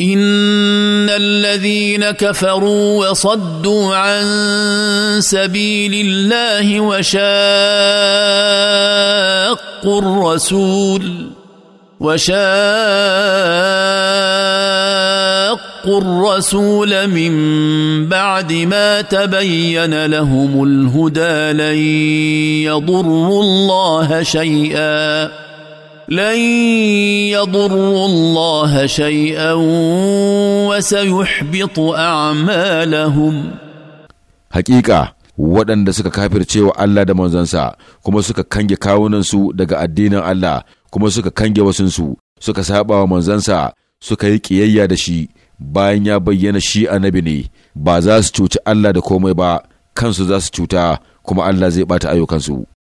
ان الذين كفروا وصدوا عن سبيل الله وشاقوا الرسول وشاقوا الرسول من بعد ما تبين لهم الهدى لن يضروا الله شيئا لن يضروا الله شيئا وسيحبط أعمالهم حقيقة waɗanda suka kafirce wa Allah da manzansa kuma suka kange kawunansu daga addinin Allah kuma suka kange wasunsu suka saba wa manzansa suka yi ƙiyayya da shi bayan ya bayyana shi annabi ne ba za su cuci Allah da komai ba kansu za su cuta kuma Allah zai ɓata ayyukansu.